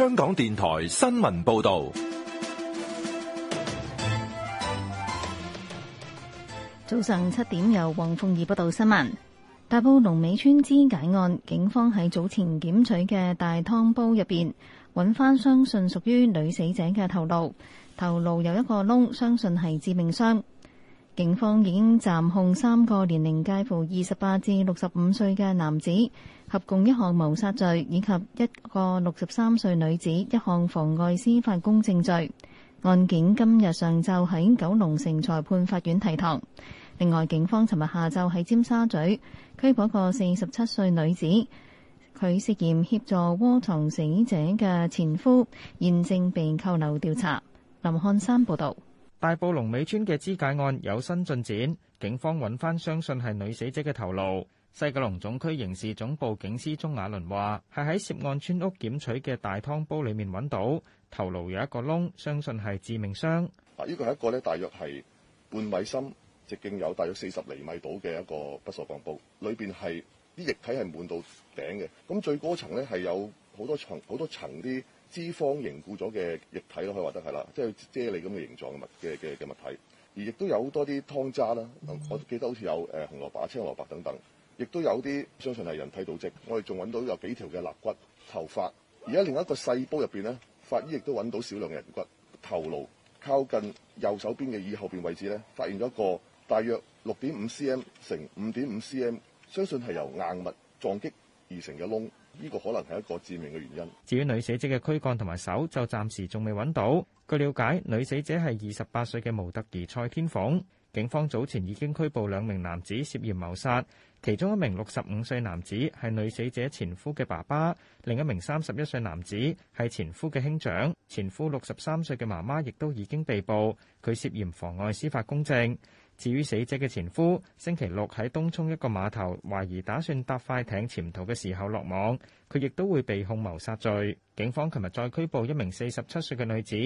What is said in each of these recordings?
香港電台新聞報道，早上七點由黃鳳儀報道新聞。大埔龍尾村肢解案，警方喺早前檢取嘅大湯煲入邊揾翻相信屬於女死者嘅頭顱，頭顱有一個窿，相信係致命傷。警方已經暫控三個年齡介乎二十八至六十五歲嘅男子，合共一項謀殺罪，以及一個六十三歲女子一項妨礙司法公正罪。案件今日上晝喺九龍城裁判法院提堂。另外，警方尋日下晝喺尖沙咀拘捕一個四十七歲女子，佢涉嫌協助窩藏死者嘅前夫，現正被扣留調查。林漢山報導。大埔龍尾村嘅肢解案有新進展，警方揾翻相信係女死者嘅頭顱。西九龍總區刑事總部警司鐘雅倫話：係喺涉案村屋檢取嘅大湯煲裏面揾到頭顱有一個窿，相信係致命傷。啊，呢個係一個咧，大約係半米深，直徑有大約四十厘米到嘅一個不鏽鋼煲，裏邊係啲液體係滿到頂嘅，咁最高層咧係有。好多層好多層啲脂肪凝固咗嘅液體咯，可以話得係啦，即係啫喱咁嘅形狀嘅物嘅嘅嘅物體，而亦都有好多啲湯渣啦。Mm hmm. 我記得好似有誒紅蘿蔔、青蘿蔔等等，亦都有啲相信係人體組織。我哋仲揾到有幾條嘅肋骨、頭髮。而家另外一個細煲入面咧，法醫亦都揾到少量嘅人骨頭顱。靠近右手邊嘅耳後邊位置咧，發現咗一個大約六點五 cm 乘五點五 cm，相信係由硬物撞擊而成嘅窿。呢個可能係一個致命嘅原因。至於女死者嘅軀幹同埋手就暫時仲未揾到。據了解，女死者係二十八歲嘅模特兒蔡天鳳。警方早前已經拘捕兩名男子涉嫌謀殺，其中一名六十五歲男子係女死者前夫嘅爸爸，另一名三十一歲男子係前夫嘅兄長。前夫六十三歲嘅媽媽亦都已經被捕，佢涉嫌妨礙司法公正。至於死者嘅前夫，星期六喺東涌一個碼頭，懷疑打算搭快艇潛逃嘅時候落網，佢亦都會被控謀殺罪。警方琴日再拘捕一名四十七歲嘅女子。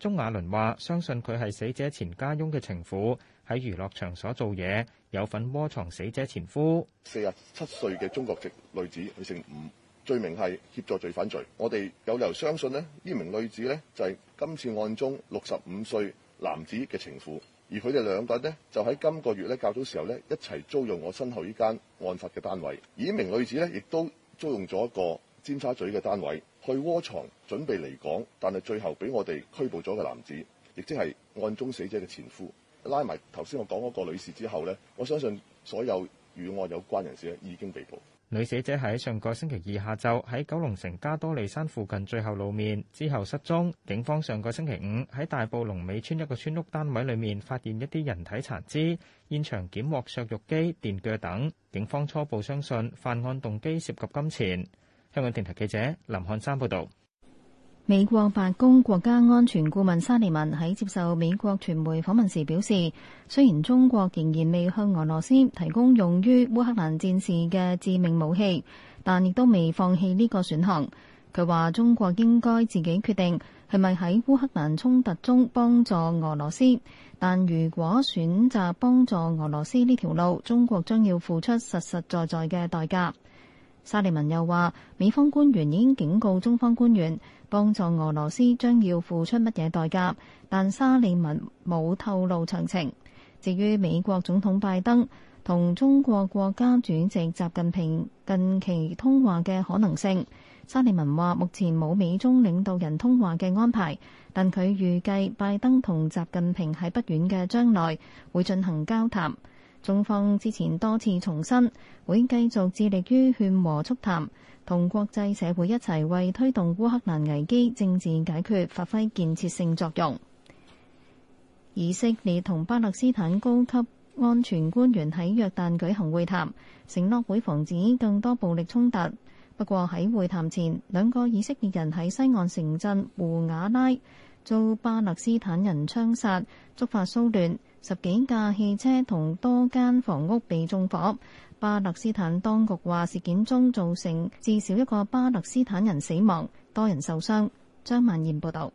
鍾雅倫話：相信佢係死者前家翁嘅情婦，喺娛樂場所做嘢，有份窩藏死者前夫。四十七歲嘅中國籍女子，佢姓吳，罪名係協助罪犯罪。我哋有理由相信呢，呢名女子呢，就係今次案中六十五歲男子嘅情婦。而佢哋兩個咧就喺今個月咧較早時候咧一齊租用我身後呢間案發嘅單位，而呢名女子咧亦都租用咗一個尖沙咀嘅單位去窩藏準備離港，但係最後俾我哋拘捕咗嘅男子，亦即係案中死者嘅前夫。拉埋頭先我講嗰個女士之後咧，我相信所有與案有關人士咧已經被捕。女死者喺上個星期二下晝喺九龍城加多利山附近最後露面，之後失蹤。警方上個星期五喺大埔龍尾村一個村屋單位裏面發現一啲人體殘肢，現場檢獲削肉機、電鋸等。警方初步相信犯案動機涉及金錢。香港電台記者林漢山報道。美國白宮國家安全顧問沙利文喺接受美國傳媒訪問時表示，雖然中國仍然未向俄羅斯提供用於烏克蘭戰事嘅致命武器，但亦都未放棄呢個選項。佢話中國應該自己決定係咪喺烏克蘭衝突中幫助俄羅斯，但如果選擇幫助俄羅斯呢條路，中國將要付出實實在在嘅代價。沙利文又話：美方官員已經警告中方官員，幫助俄羅斯將要付出乜嘢代價，但沙利文冇透露詳情。至於美國總統拜登同中國國家主席習近平近期通話嘅可能性，沙利文話目前冇美中領導人通話嘅安排，但佢預計拜登同習近平喺不遠嘅將來會進行交談。中方之前多次重申，會繼續致力於勸和促談同國際社會一齊為推動烏克蘭危機政治解決發揮建設性作用。以色列同巴勒斯坦高級安全官員喺約旦舉行會談，承諾會防止更多暴力衝突。不過喺會談前，兩個以色列人喺西岸城鎮胡瓦拉遭巴勒斯坦人槍殺，觸發騷亂。十幾架汽車同多間房屋被縱火。巴勒斯坦當局話，事件中造成至少一個巴勒斯坦人死亡，多人受傷。張曼燕報道。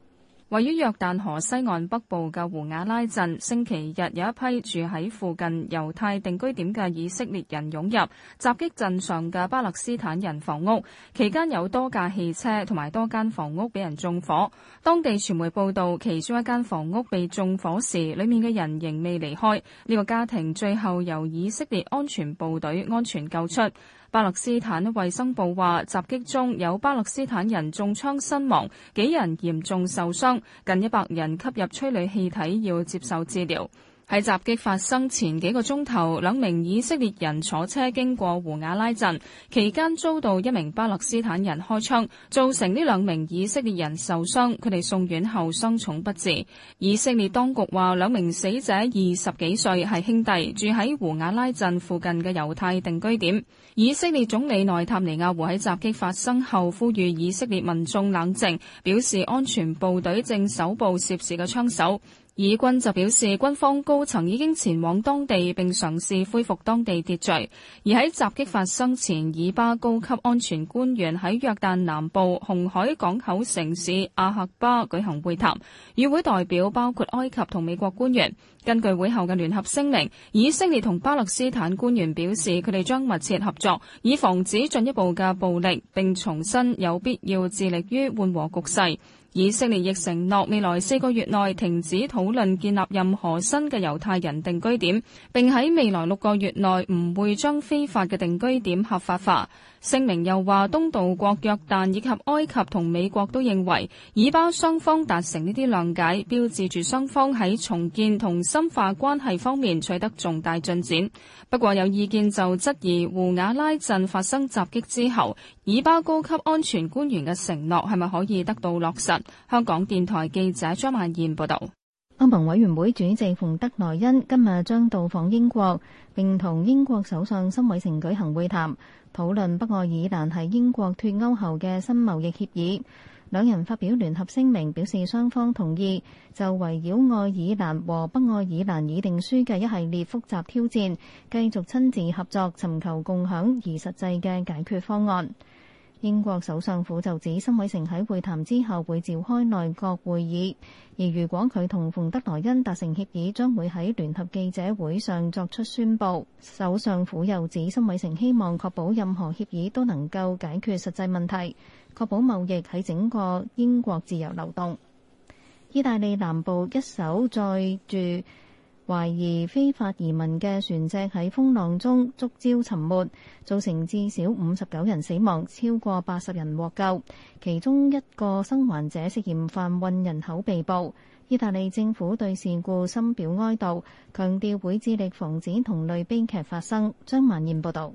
位於約旦河西岸北部嘅胡瓦拉鎮，星期日有一批住喺附近猶太定居點嘅以色列人湧入，襲擊鎮上嘅巴勒斯坦人房屋。期間有多架汽車同埋多間房屋俾人縱火。當地傳媒報道，其中一間房屋被縱火時，裏面嘅人仍未離開。呢個家庭最後由以色列安全部隊安全救出。巴勒斯坦衛生部話，襲擊中有巴勒斯坦人中槍身亡，幾人嚴重受傷，近一百人吸入催淚氣體，要接受治療。喺襲擊發生前幾個鐘頭，兩名以色列人坐車經過胡雅拉鎮期間，遭到一名巴勒斯坦人開槍，造成呢兩名以色列人受傷。佢哋送院後傷重不治。以色列當局話，兩名死者二十幾歲，係兄弟，住喺胡雅拉鎮附近嘅猶太定居點。以色列總理內塔尼亞胡喺襲擊發生後呼籲以色列民眾冷靜，表示安全部隊正搜捕涉事嘅槍手。以軍就表示，軍方高層已經前往當地並嘗試恢復當地秩序。而喺襲擊發生前，以巴高級安全官員喺約旦南部紅海港口城市亞喀巴舉行會談，與會代表包括埃及同美國官員。根據會後嘅聯合聲明，以色列同巴勒斯坦官員表示，佢哋將密切合作，以防止進一步嘅暴力，並重申有必要致力於緩和局勢。以色列亦承諾未來四個月內停止討論建立任何新嘅猶太人定居點，並喺未來六個月內唔會將非法嘅定居點合法化。聲明又話，東道國約旦以及埃及同美國都認為，以巴雙方達成呢啲諒解，標誌住雙方喺重建同深化關係方面取得重大進展。不過有意見就質疑胡瓦拉鎮發生襲擊之後，以巴高級安全官員嘅承諾係咪可以得到落實。香港電台記者張萬燕報道。歐盟委員會主席馮德萊恩今日將到訪英國，並同英國首相辛偉誠舉行會談，討論北愛爾蘭係英國脱歐後嘅新貿易協議。兩人發表聯合聲明，表示雙方同意就圍繞愛爾蘭和北愛爾蘭議定書嘅一系列複雜挑戰，繼續親自合作，尋求共享而實際嘅解決方案。英國首相府就指，辛偉誠喺會談之後會召開內閣會議，而如果佢同馮德萊恩達成協議，將會喺聯合記者會上作出宣布。首相府又指，辛偉誠希望確保任何協議都能夠解決實際問題，確保貿易喺整個英國自由流動。意大利南部一艘載住懷疑非法移民嘅船隻喺風浪中觸礁沉沒，造成至少五十九人死亡，超過八十人獲救。其中一個生還者涉嫌販運人口被捕。意大利政府對事故深表哀悼，強調會致力防止同類悲劇發生。張萬燕報道。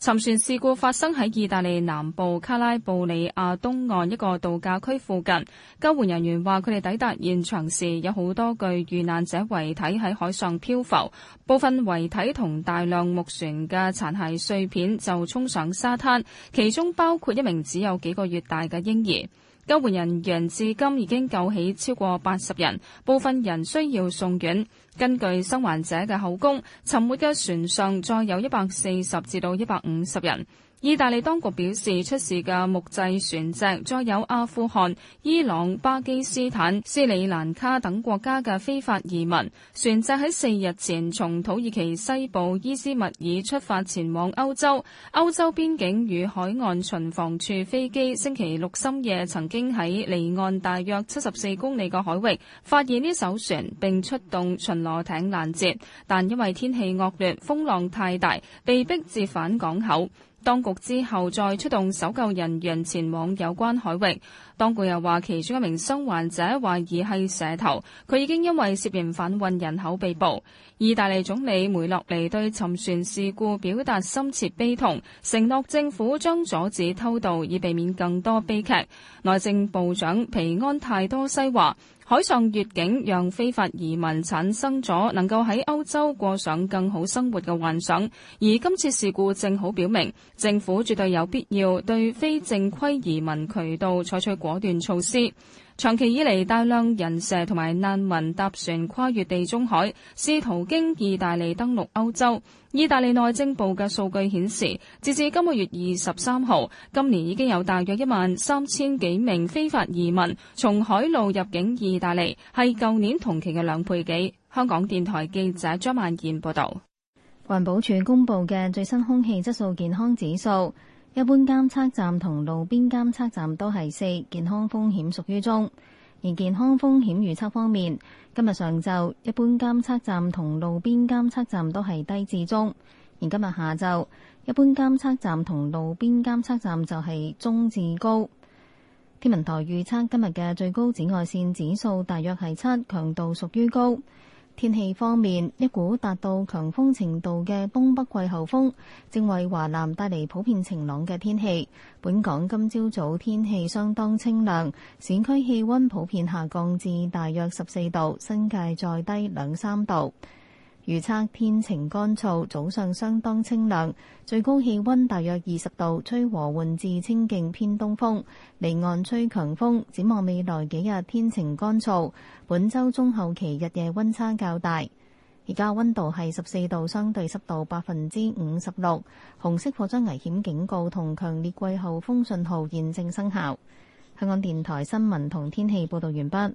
沉船事故發生喺意大利南部卡拉布里亞東岸一個度假區附近，救援人員話佢哋抵達現場時，有好多具遇難者遺體喺海上漂浮，部分遺體同大量木船嘅殘骸碎片就衝上沙灘，其中包括一名只有幾個月大嘅嬰兒。救援人員至今已經救起超過八十人，部分人需要送院。根據生還者嘅口供，沉沒嘅船上再有一百四十至到一百五十人。意大利當局表示，出事嘅木製船隻載有阿富汗、伊朗、巴基斯坦、斯里蘭卡等國家嘅非法移民。船隻喺四日前從土耳其西部伊斯密爾出發，前往歐洲。歐洲邊境與海岸巡防處飛機星期六深夜曾經喺離岸大約七十四公里嘅海域發現呢艘船，並出動巡邏艇攔截，但因為天氣惡劣，風浪太大，被逼折返港口。當局之後再出動搜救人員前往有關海域。當局又話，其中一名生還者懷疑係蛇頭，佢已經因為涉嫌販運人口被捕。意大利總理梅洛尼對沉船事故表達深切悲痛，承諾政府將阻止偷渡，以避免更多悲劇。內政部長皮安泰多西話，海上越境，讓非法移民產生咗能夠喺歐洲過上更好生活嘅幻想，而今次事故正好表明，政府絕對有必要對非正規移民渠道採取果斷措施。長期以嚟，大量人蛇同埋難民搭船跨越地中海，試圖經意大利登陸歐洲。意大利內政部嘅數據顯示，截至今個月二十三號，今年已經有大約一萬三千幾名非法移民從海路入境意大利，係舊年同期嘅兩倍幾。香港電台記者張萬健報導。環保署公布嘅最新空氣質素健康指數。一般監測站同路邊監測站都係四，健康風險屬於中。而健康風險預測方面，今日上晝一般監測站同路邊監測站都係低至中。而今日下晝一般監測站同路邊監測站就係中至高。天文台預測今日嘅最高紫外線指數大約係七，強度屬於高。天氣方面，一股達到強風程度嘅東北季候風正為華南帶嚟普遍晴朗嘅天氣。本港今朝早天氣相當清涼，市區氣溫普遍下降至大約十四度，新界再低兩三度。預測天晴乾燥，早上相當清涼，最高氣温大約二十度，吹和緩至清勁偏東風，離岸吹強風。展望未來幾日天晴乾燥，本周中後期日夜温差較大。而家温度係十四度，相對濕度百分之五十六。紅色火災危險警告同強烈季候風信號現正生效。香港電台新聞同天氣報道完畢。